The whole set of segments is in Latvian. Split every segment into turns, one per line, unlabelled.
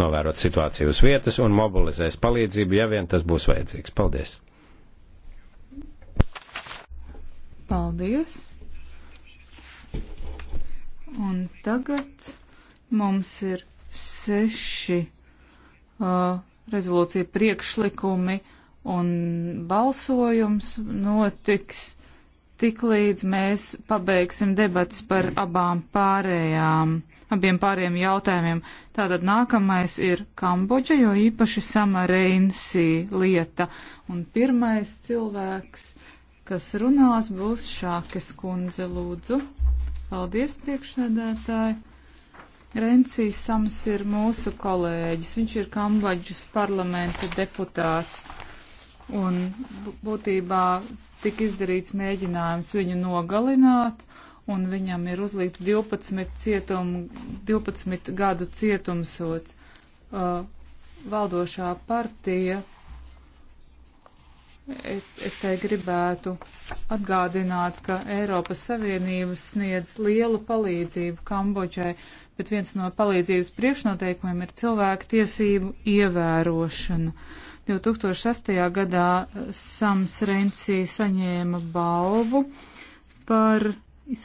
novērot situāciju uz vietas un mobilizēs palīdzību, ja vien tas būs vajadzīgs. Paldies!
Paldies! Un tagad mums ir seši uh, rezolūcija priekšlikumi un balsojums notiks tiklīdz mēs pabeigsim debats par abām pārējām, abiem pārējiem jautājumiem. Tātad nākamais ir Kambodža, jo īpaši Samarēnsī lieta. Un pirmais cilvēks, kas runās, būs Šākes kundze lūdzu. Paldies, priekšsēdētāji! Rencijs Sams ir mūsu kolēģis, viņš ir Kambodžas parlamenta deputāts un būtībā tika izdarīts mēģinājums viņu nogalināt, un viņam ir uzlikts 12, cietum, 12 gadu cietumsots. Uh, valdošā partija, es, es te gribētu atgādināt, ka Eiropas Savienības sniedz lielu palīdzību Kambodžai, bet viens no palīdzības priekšnoteikumiem ir cilvēku tiesību ievērošana. Uh, 2006. gadā Sams Rensī saņēma balvu par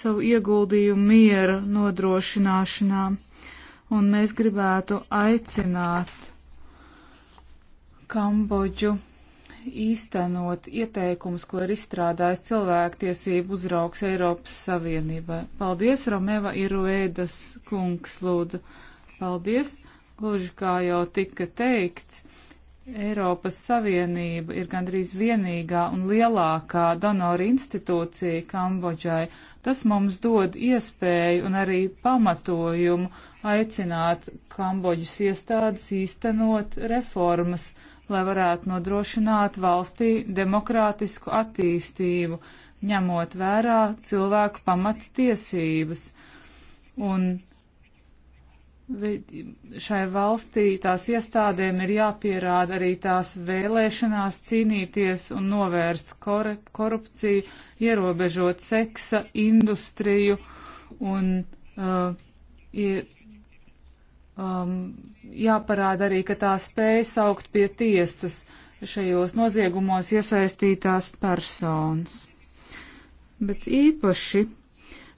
savu ieguldījumu miera nodrošināšanā, un mēs gribētu aicināt Kambodžu īstenot ieteikumus, ko ir izstrādājis cilvēktiesību uzraugs Eiropas Savienībai. Paldies, Romeva Iruēdas kungs, lūdzu. Paldies, gluži kā jau tika teikts Eiropas Savienība ir gandrīz vienīgā un lielākā donora institūcija Kambodžai. Tas mums dod iespēju un arī pamatojumu aicināt Kambodžas iestādes īstenot reformas, lai varētu nodrošināt valstī demokrātisku attīstību, ņemot vērā cilvēku pamats tiesības. Un šai valstī tās iestādēm ir jāpierāda arī tās vēlēšanās cīnīties un novērst kor korupciju, ierobežot seksa industriju un uh, ir, um, jāparāda arī, ka tā spēja saukt pie tiesas šajos noziegumos iesaistītās personas. Bet īpaši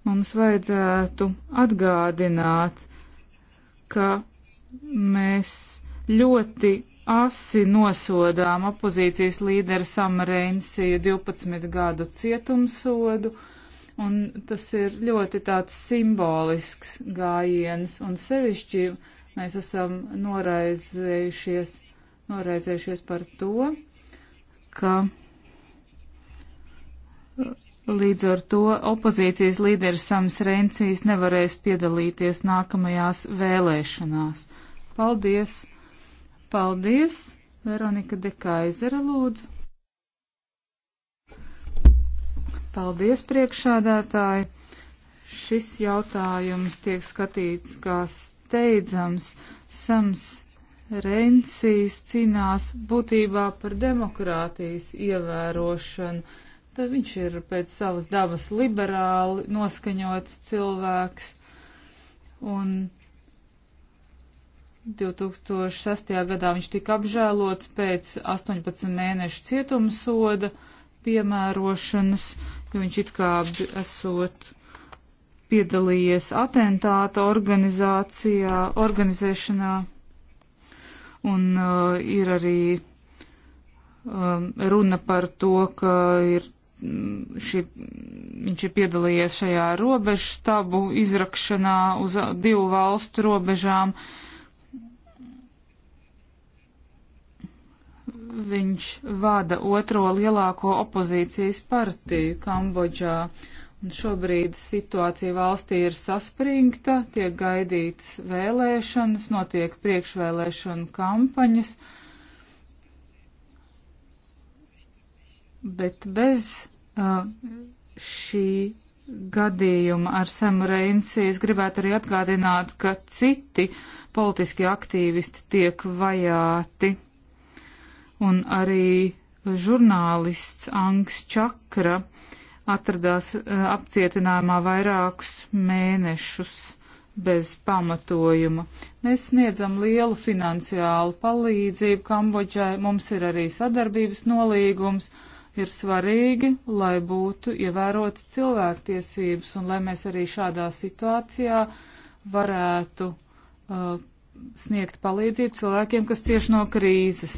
mums vajadzētu atgādināt, ka mēs ļoti asi nosodām opozīcijas līderu Samareinsiju 12 gadu cietumsodu, un tas ir ļoti tāds simbolisks gājiens, un sevišķi mēs esam noraizējušies, noraizējušies par to, ka Līdz ar to opozīcijas līderis Sams Rencijs nevarēs piedalīties nākamajās vēlēšanās. Paldies! Paldies! Veronika de Kaizera lūdzu. Paldies, priekšādātāji! Šis jautājums tiek skatīts kā steidzams. Sams Rencijs cīnās būtībā par demokrātijas ievērošanu Tad eh, viņš ir pēc savas dabas liberāli noskaņots cilvēks. Un 2006. gadā viņš tika apžēlots pēc 18 mēnešu cietumsoda piemērošanas, jo viņš it kā esot piedalījies atentāta organizācijā, organizēšanā un uh, ir arī um, runa par to, ka ir šie, viņš ir piedalījies šajā robežu stabu izrakšanā uz divu valstu robežām. Viņš vada otro lielāko opozīcijas partiju Kambodžā. Un šobrīd situācija valstī ir saspringta, tiek gaidītas vēlēšanas, notiek priekšvēlēšanu kampaņas, bet bez šī gadījuma ar Semu Reinsi, es gribētu arī atgādināt, ka citi politiski aktīvisti tiek vajāti. Un arī žurnālists Angs Čakra atradās apcietinājumā vairākus mēnešus bez pamatojuma. Mēs sniedzam lielu finansiālu palīdzību Kambodžai, mums ir arī sadarbības nolīgums ir svarīgi, lai būtu ievērotas cilvēktiesības un lai mēs arī šādā situācijā varētu uh, sniegt palīdzību
cilvēkiem, kas cieši no krīzes.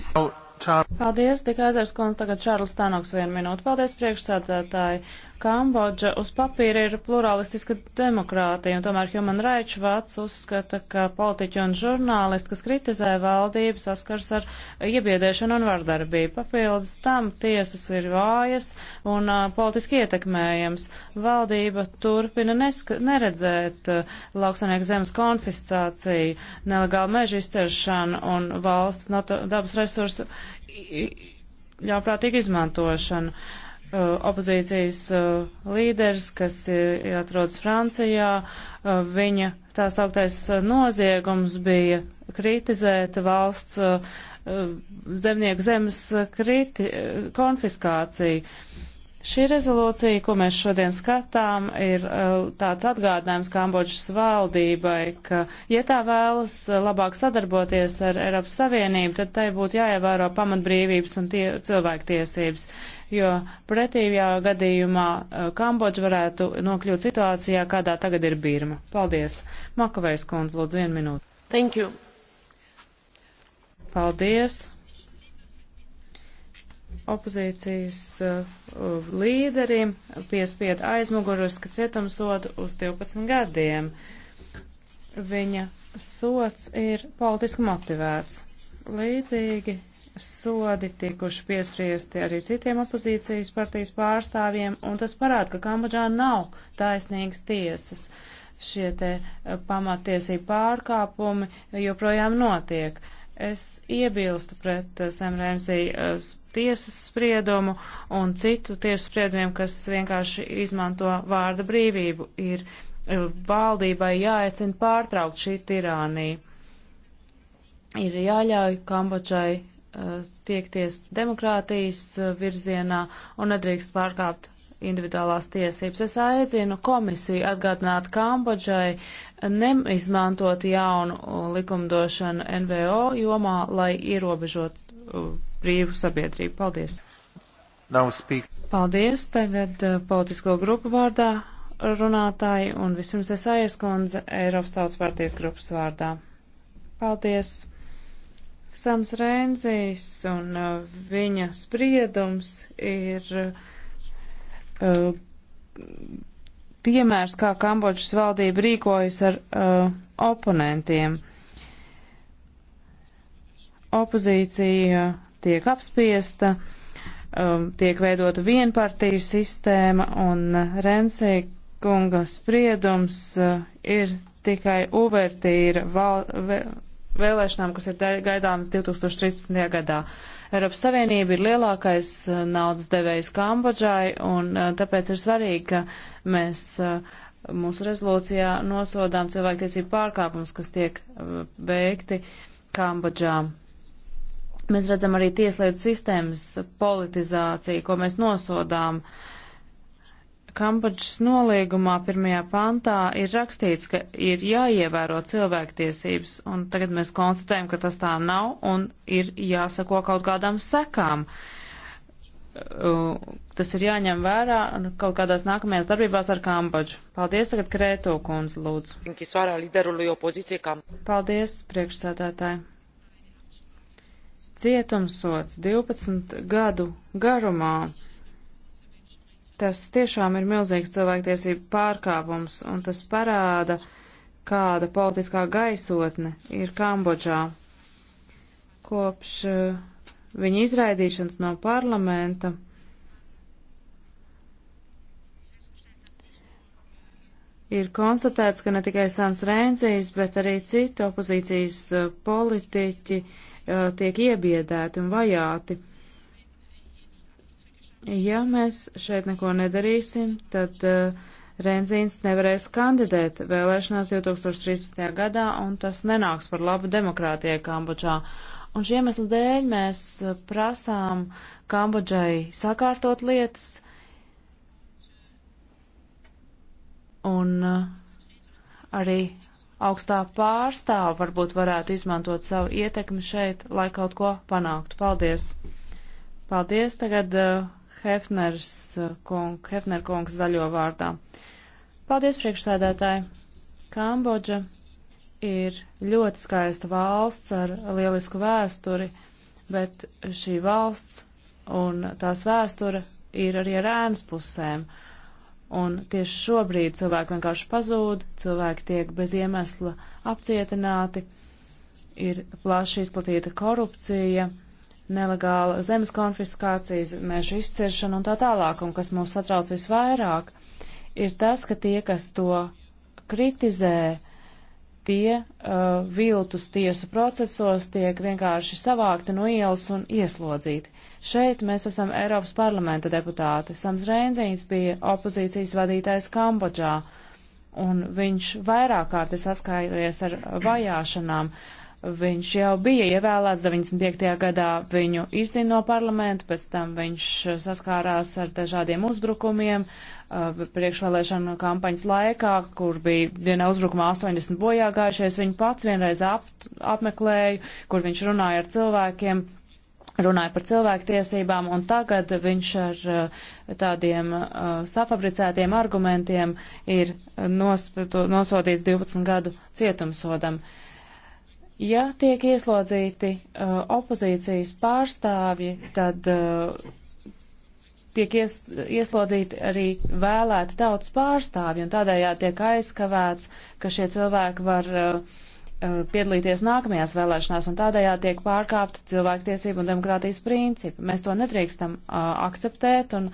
Paldies, Dikāzers Kons, tagad Čārlis Tānoks vienu minūtu. Paldies, priekšsēdētāji. Kambodža uz papīra ir pluralistiska demokrātija, un tomēr Human Rights Watch uzskata, ka politiķi un žurnālisti, kas kritizē valdību, saskars ar iebiedēšanu un vardarbību. Papildus tam tiesas ir vājas un uh, politiski ietekmējams. Valdība turpina neredzēt uh, lauksanieku zemes konfiscāciju, nelegālu mežu izceršanu un valsts dabas resursu ļaunprātīgu izmantošanu. Uh, Uh, opozīcijas uh, līderis, kas uh, atrodas Francijā. Viņa tā sauktais noziegums bija kritizēt valsts zemnieku zemes kriti, konfiskāciju. Šī rezolūcija, ko mēs šodien skatām, ir tāds atgādinājums Kambodžas valdībai, ka, ja tā vēlas labāk sadarboties ar Eiropas Savienību, tad tai būtu jāievēro pamatbrīvības un tie, cilvēktiesības jo pretīvajā gadījumā e, Kambodža varētu nokļūt situācijā, kādā tagad ir Birma. Paldies. Makavejs kundze, lūdzu, vienu minūti. Thank you. Paldies opozīcijas uh, līderim piespied aizmuguriska cietumsodu uz 12 gadiem. Viņa sots ir politiski motivēts. Līdzīgi sodi tikuši piespriesti arī citiem opozīcijas partijas pārstāvjiem, un tas parāda, ka Kambodžā nav taisnīgas tiesas. Šie te eh, pamatiesība pārkāpumi joprojām notiek. Es iebilstu pret eh, Semrēmsī eh, tiesas spriedumu un citu tiesu spriedumiem, kas vienkārši izmanto vārda brīvību. Ir valdībai jāaicina pārtraukt šī tirānija. Ir jāļauj Kambodžai tiekties demokrātijas uh, virzienā un nedrīkst pārkāpt individuālās tiesības. Es aicinu komisiju atgādināt Kambodžai neizmantot jaunu uh, likumdošanu NVO jomā, lai ierobežot uh, brīvu sabiedrību. Paldies! Paldies! Tagad politisko grupu vārdā runātāji un vispirms es aieskundze Eiropas Tautas partijas grupas vārdā. Paldies! Sams Rēnzijs un uh, viņa spriedums ir uh, piemērs, kā Kambodžas valdība rīkojas ar uh, oponentiem. Opozīcija tiek apspiesta, um, tiek veidota vienpartiju sistēma, un Rensī kunga spriedums uh, ir tikai uvertīra val, vēlēšanām, kas ir gaidāmas 2013. gadā. Eiropas Savienība ir lielākais uh, naudas devējs Kambodžai, un uh, tāpēc ir svarīgi, ka mēs uh, mūsu rezolūcijā nosodām cilvēktiesību pārkāpumus, kas tiek veikti Kambodžā. Mēs redzam arī tieslietu sistēmas politizāciju, ko mēs nosodām. Uh, Kambodžas noliegumā pirmajā pantā ir rakstīts, ka ir jāievēro cilvēktiesības, un tagad mēs konstatējam, ka tas tā nav, un ir jāsako kaut kādām sekām. Tas ir jāņem vērā kaut kādās nākamajās darbībās ar Kambodžu. Paldies tagad Krēto kundze, lūdzu. Paldies, priekšsēdētāji cietumsots 12 gadu garumā Tas tiešām ir milzīgs cilvēktiesību pārkāpums, un tas parāda, kāda politiskā gaisotne ir Kambodžā. Kopš eh, viņa izraidīšanas no parlamenta ir konstatēts, ka ne tikai Sams Rēncīs, bet arī citi opozīcijas eh, politiķi eh, tiek iebiedēti un vajāti. Ja mēs šeit neko nedarīsim, tad uh, eh, Renzīns nevarēs kandidēt vēlēšanās 2013. gadā, un tas nenāks par labu demokrātijai Kambodžā. Un šī iemesla dēļ mēs eh, prasām Kambodžai sakārtot lietas un uh, arī augstā pārstāva varbūt varētu izmantot savu ietekmi šeit, lai kaut ko panāktu. Paldies! Paldies! Tagad uh, Hefners eh, kung, Hefner kungs zaļo vārdā. Paldies, priekšsēdētāji! Kambodža ir ļoti skaista valsts ar lielisku vēsturi, bet šī valsts un tās vēsture ir arī ar ēnas pusēm. Un tieši šobrīd cilvēki vienkārši pazūd, cilvēki tiek bez iemesla apcietināti, ir plaši izplatīta korupcija nelegāla zemes konfiskācijas, mežu izciršana un tā tālāk, un kas mūs satrauc visvairāk, ir tas, ka tie, kas to kritizē, tie uh, viltus tiesu procesos tiek vienkārši savākti no ielas un ieslodzīti. Šeit mēs esam Eiropas parlamenta deputāti. Sams Reinzīns bija opozīcijas vadītājs Kambodžā, un viņš vairāk kārt ir saskāries ar vajāšanām. Uh, Viņš jau bija ievēlēts 95. gadā, viņu izdina no parlamenta, pēc tam viņš uh, saskārās ar dažādiem uzbrukumiem uh, priekšvēlēšanu kampaņas laikā, kur bija vienā uzbrukumā 80 bojā gājušies, viņu pats vienreiz ap, apmeklēju, kur viņš runāja ar cilvēkiem, runāja par cilvēktiesībām, un tagad viņš ar uh, tādiem uh, safabricētiem argumentiem ir nospirtu, nosodīts 12 gadu cietumsodam. Uh, Ja tiek ieslodzīti uh, opozīcijas pārstāvji, tad uh, tiek ies, ieslodzīti arī vēlēti tautas pārstāvji, un tādējādi tiek aizkavēts, ka šie cilvēki var uh, uh piedalīties nākamajās vēlēšanās, un tādējādi tiek pārkāpta cilvēktiesība un demokrātijas principi. Mēs to nedrīkstam uh, akceptēt, un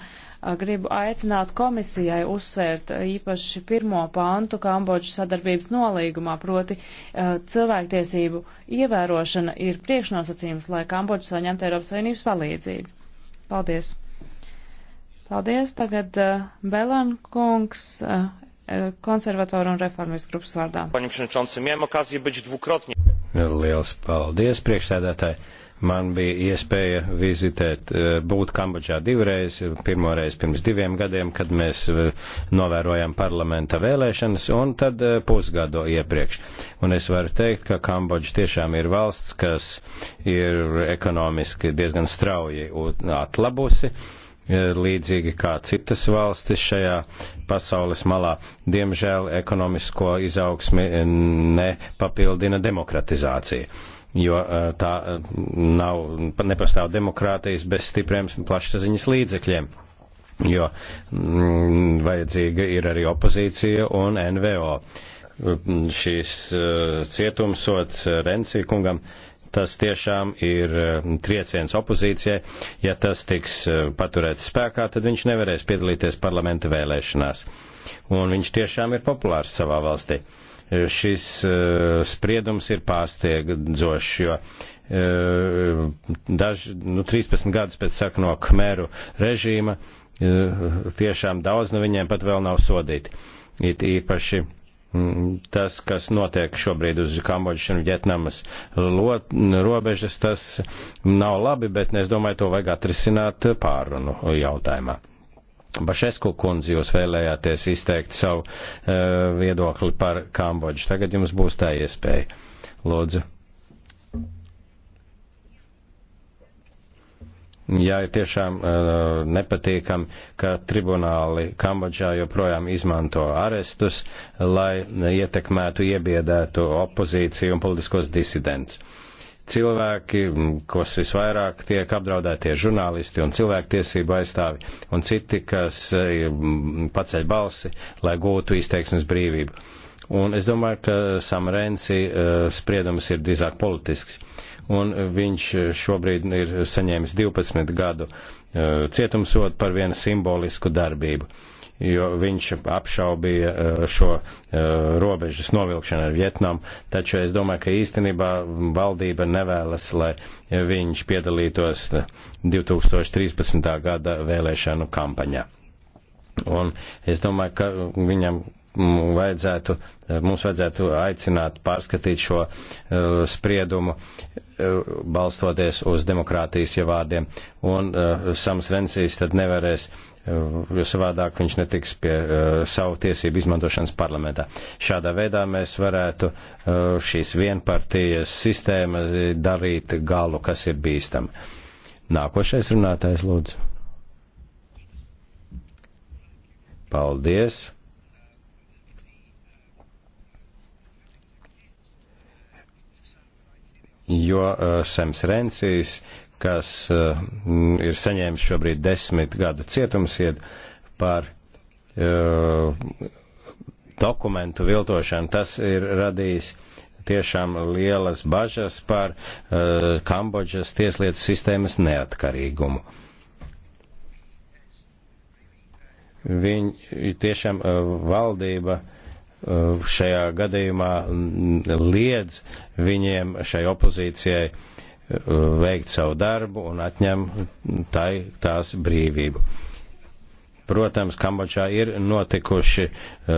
gribu aicināt komisijai uzsvērt īpaši pirmo pantu Kambodžas sadarbības nolīgumā, proti cilvēktiesību ievērošana ir priekšnosacījums, lai Kambodža saņemtu Eiropas Savienības palīdzību. Paldies! Paldies! Tagad Belan kungs konservatoru un reformistu grupas vārdā.
Liels paldies, priekšsēdētāji! Man bija iespēja vizitēt, eh, būt Kambodžā divreiz, pirmoreiz pirms diviem gadiem, kad mēs eh, novērojam parlamenta vēlēšanas, un tad eh, pusgado iepriekš. Un es varu teikt, ka Kambodža tiešām ir valsts, kas ir ekonomiski diezgan strauji atlabusi līdzīgi kā citas valstis šajā pasaules malā. Diemžēl ekonomisko izaugsmi nepapildina demokratizācija jo tā nav, nepastāv demokrātijas bez stipriem plašsaziņas līdzekļiem, jo mm, vajadzīga ir arī opozīcija un NVO. Šīs cietumsots Rencija kungam tas tiešām ir trieciens opozīcijai. Ja tas tiks paturēts spēkā, tad viņš nevarēs piedalīties parlamenta vēlēšanās. Un viņš tiešām ir populārs savā valstī. Uh, šis eh, spriedums ir pārsteidzošs, jo eh, daži, nu, 13 gadus pēc sakno Khmeru režīma eh, tiešām daudz no viņiem pat vēl nav sodīti. It īpaši mm, tas, kas notiek šobrīd uz Kambodžas un Vietnamas robežas, tas nav labi, bet es domāju, to vajag atrisināt pārunu jautājumā. Bašesku kundzi jūs vēlējāties izteikt savu uh, viedokli par Kambodžu. Tagad jums būs tā iespēja. Lūdzu. Jā, ir tiešām uh, nepatīkami, ka tribunāli Kambodžā joprojām izmanto arestus, lai ietekmētu, iebiedētu opozīciju un politiskos disidentus. Uh, cilvēki, kas visvairāk tiek apdraudētie žurnālisti un cilvēktiesība aizstāvi, un citi, kas e, paceļ balsi, lai gūtu izteiksmes brīvību. Un es domāju, ka Samrensi e, spriedums ir drīzāk politisks. Un viņš e, šobrīd ir saņēmis 12 gadu cietumsodu par vienu simbolisku darbību jo viņš apšaubīja eh, šo eh, robežas novilkšanu ar Vietnamu, taču es domāju, ka īstenībā valdība nevēlas, lai viņš piedalītos 2013. Eh, gada vēlēšanu kampaņā. Un es domāju, ka viņam mm, vajadzētu, mums vajadzētu aicināt pārskatīt šo uh, spriedumu uh, balstoties uz demokrātijas ievārdiem. Un uh, Sams Rensīs tad nevarēs uh, Eh, jo savādāk viņš netiks pie uh, savu tiesību izmantošanas parlamentā. Šādā veidā mēs varētu uh, šīs vienpartijas sistēmas darīt galu, kas ir bīstami. Nākošais runātājs lūdzu. Paldies. Jo uh, Sems Rensijs uh, kas eh, ir saņēmis šobrīd desmit gadu cietumsied par eh, dokumentu viltošanu. Tas ir radījis tiešām lielas bažas par eh, Kambodžas tieslietu sistēmas neatkarīgumu. Viņa tiešām valdība šajā gadījumā mm, liedz viņiem šai opozīcijai uh, veikt savu darbu un atņem tai tās brīvību. Protams, Kambodžā ir notikuši uh,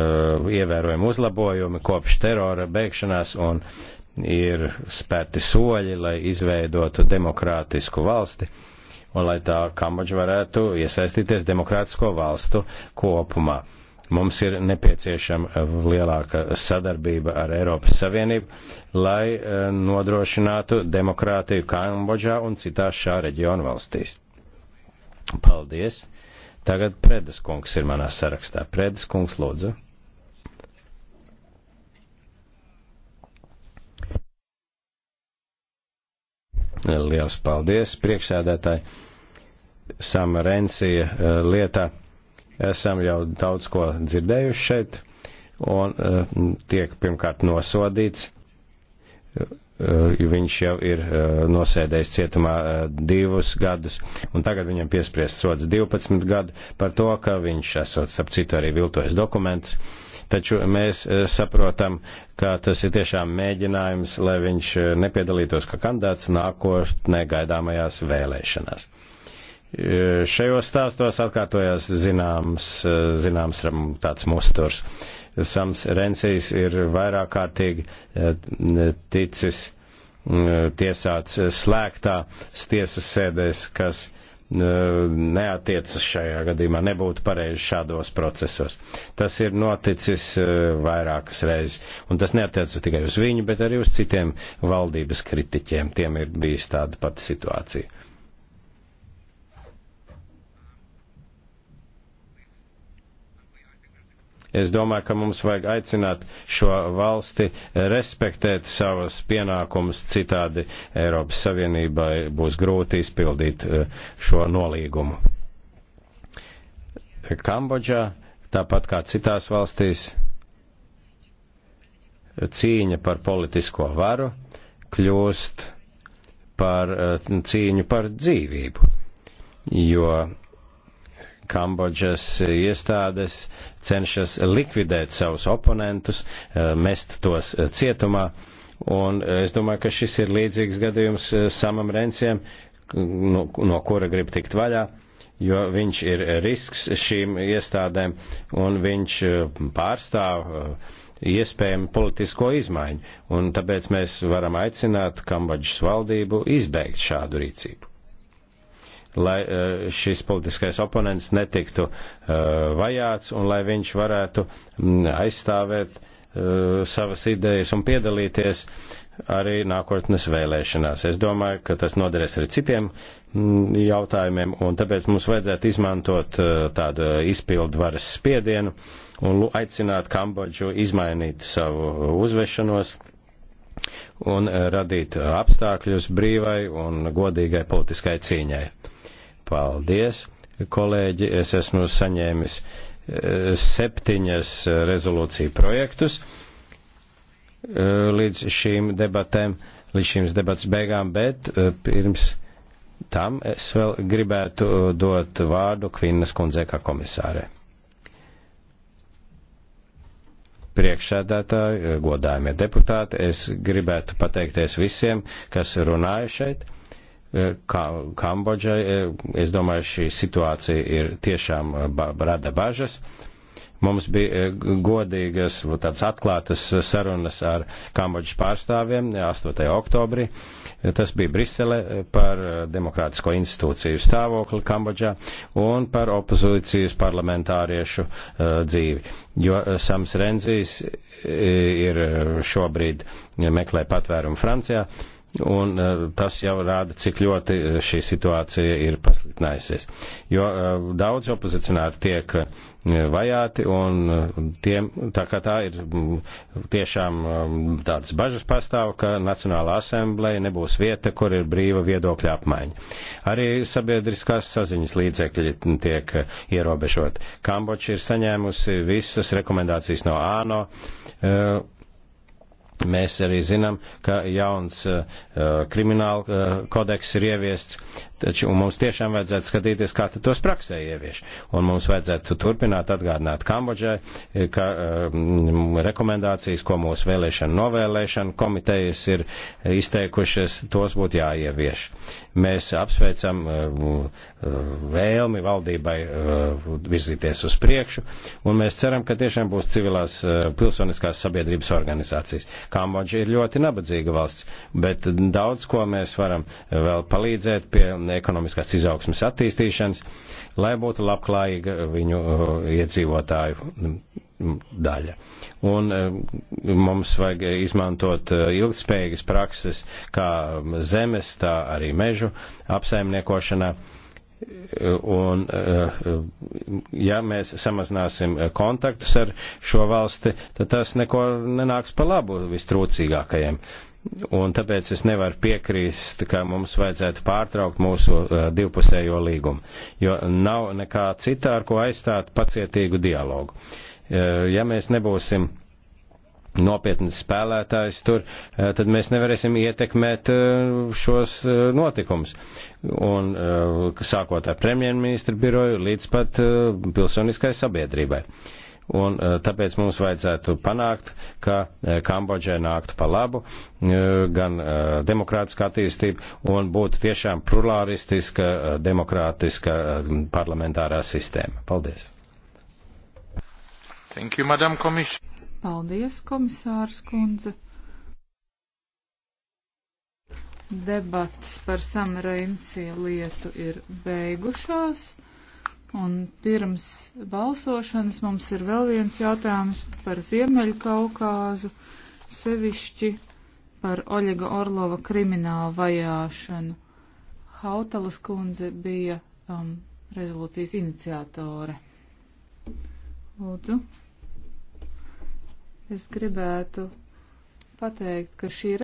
ievērojami uzlabojumi kopš terora beigšanās un ir spērti soļi, lai izveidotu demokrātisku valsti un lai tā Kambodža varētu iesaistīties demokrātisko valstu kopumā. Uh, Mums ir nepieciešama eh, lielāka sadarbība ar Eiropas Savienību, lai eh, nodrošinātu demokrātiju Kambodžā un citās šā reģiona valstīs. Paldies! Tagad Predes kungs ir manā sarakstā. Predes kungs, lūdzu. Liels paldies, priekšsēdētāji. Sama Rensija eh, lietā esam jau daudz ko dzirdējuši šeit, un eh, tiek pirmkārt nosodīts. Eh, viņš jau ir eh, nosēdējis cietumā divus gadus, un tagad viņam piespriezt sods 12 gadu par to, ka viņš esot, ap citu, arī viltojis dokumentus. Taču mēs saprotam, ka tas ir tiešām mēģinājums, lai viņš nepiedalītos kā kandidāts nākotnē gaidāmajās vēlēšanās. E, šajos stāstos atkārtojās zināms, e, zināms tāds musturs. Sams Rensijs ir vairāk kārtīgi e, ticis tiesāts slēgtā tiesas sēdēs, kas neatiecas šajā gadījumā, nebūtu pareizi šādos procesos. Tas ir noticis vairākas reizes, un tas neatiecas tikai uz viņu, bet arī uz citiem valdības kritiķiem. Tiem ir bijis tāda pati situācija. Es domāju, ka mums vajag aicināt šo valsti respektēt savas pienākumus, citādi Eiropas Savienībai būs grūti izpildīt eh, šo nolīgumu. Kambodžā, tāpat kā citās valstīs, cīņa par politisko varu kļūst par eh, cīņu par dzīvību, jo Kambodžas iestādes cenšas likvidēt savus oponentus, eh, mest tos eh, cietumā. Un eh, es domāju, ka šis ir līdzīgs gadījums samam Renciem, no, nu, no kura grib tikt vaļā jo viņš ir risks šīm iestādēm un viņš pārstāv iespējami politisko izmaiņu. Un tāpēc mēs varam aicināt Kambodžas valdību izbeigt šādu rīcību lai e, šis politiskais oponents netiktu e, vajāts un lai viņš varētu aizstāvēt e, savas idejas un piedalīties arī nākotnes vēlēšanās. Es domāju, ka tas noderēs arī citiem jautājumiem, un tāpēc mums vajadzētu izmantot tādu izpildu varas spiedienu un aicināt Kambodžu izmainīt savu uzvešanos un radīt apstākļus brīvai un godīgai politiskai cīņai. Paldies, kolēģi. Es esmu saņēmis eh, septiņas eh, rezolūciju projektus eh, līdz šīm debatēm, līdz šīm debatas beigām, bet pirms tam es vēl gribētu dot vārdu Kvinnas kundzē kā komisārē. Priekšsēdētāji, godājumie deputāti, es gribētu pateikties visiem, kas runāja šeit kā Kambodžai, e, es domāju, šī situācija ir tiešām e, rada bažas. Mums bija e, godīgas, tādas atklātas sarunas ar Kambodžas pārstāvjiem 8. oktobrī. Tas bija Brisele par demokrātisko institūciju stāvokli Kambodžā un par opozīcijas parlamentāriešu dzīvi. Jo Sams Renzijs ir šobrīd meklē patvērumu Francijā Un e, tas jau rāda, cik ļoti e, šī situācija ir pasliktinājusies. Jo e, daudz opozicionāri tiek vajāti, un tiem, tā kā tā ir tiešām tādas bažas pastāv, ka Nacionālā asembleja nebūs vieta, kur ir brīva viedokļa apmaiņa. Arī sabiedriskās saziņas līdzekļi tiek ierobežot. Kamboča ir saņēmusi visas rekomendācijas no ANO Mēs arī zinām, ka jauns uh, krimināla uh, kodeks ir ieviests, Taču mums tiešām vajadzētu skatīties, kā tos praksē ievieš. Un mums vajadzētu turpināt atgādināt Kambodžai eh, ka, um, rekomendācijas, ko mūsu vēlēšana novēlēšana komitejas ir izteikušas, tos būtu jāievieš. Mēs apsveicam uh, vēlmi valdībai uh, virzīties uz priekšu, un mēs ceram, ka tiešām būs civilās uh, pilsoniskās sabiedrības organizācijas. Kambodža ir ļoti nabadzīga valsts, bet daudz ko mēs varam vēl palīdzēt pie ekonomiskās izaugsmas attīstīšanas, lai būtu labklājīga viņu eh, iedzīvotāju mm, mm, daļa. Un eh, mums vajag izmantot eh, ilgspējīgas prakses kā mm, zemes, tā arī mežu apsaimniekošanā. Un, ja mēs samazināsim kontaktus ar šo valsti, tad tas neko nenāks pa labu vistrūcīgākajiem un tāpēc es nevaru piekrīst, ka mums vajadzētu pārtraukt mūsu uh, divpusējo līgumu, jo nav nekā citā, ar ko aizstāt pacietīgu dialogu. Uh, ja mēs nebūsim nopietnas spēlētājs tur, uh, tad mēs nevarēsim ietekmēt uh, šos uh, notikumus. Un sākot ar premjerministru biroju līdz pat pilsoniskai sabiedrībai. Uh, un eh, tāpēc mums vajadzētu panākt, ka eh, Kambodžai nāktu pa labu eh, gan demokrātiska attīstība un būtu tiešām plurālistiska, demokrātiska parlamentārā sistēma. Paldies! Thank you, Madam Commission.
Paldies, komisārs kundze. Debates par samreinsī lietu ir beigušās. Un pirms balsošanas mums ir vēl viens jautājums par Ziemeļkaukāzu, sevišķi par Oļega Orlova kriminālu vajāšanu. Hautalas kundze bija um, rezolūcijas iniciatore. Lūdzu. Es gribētu pateikt, ka šī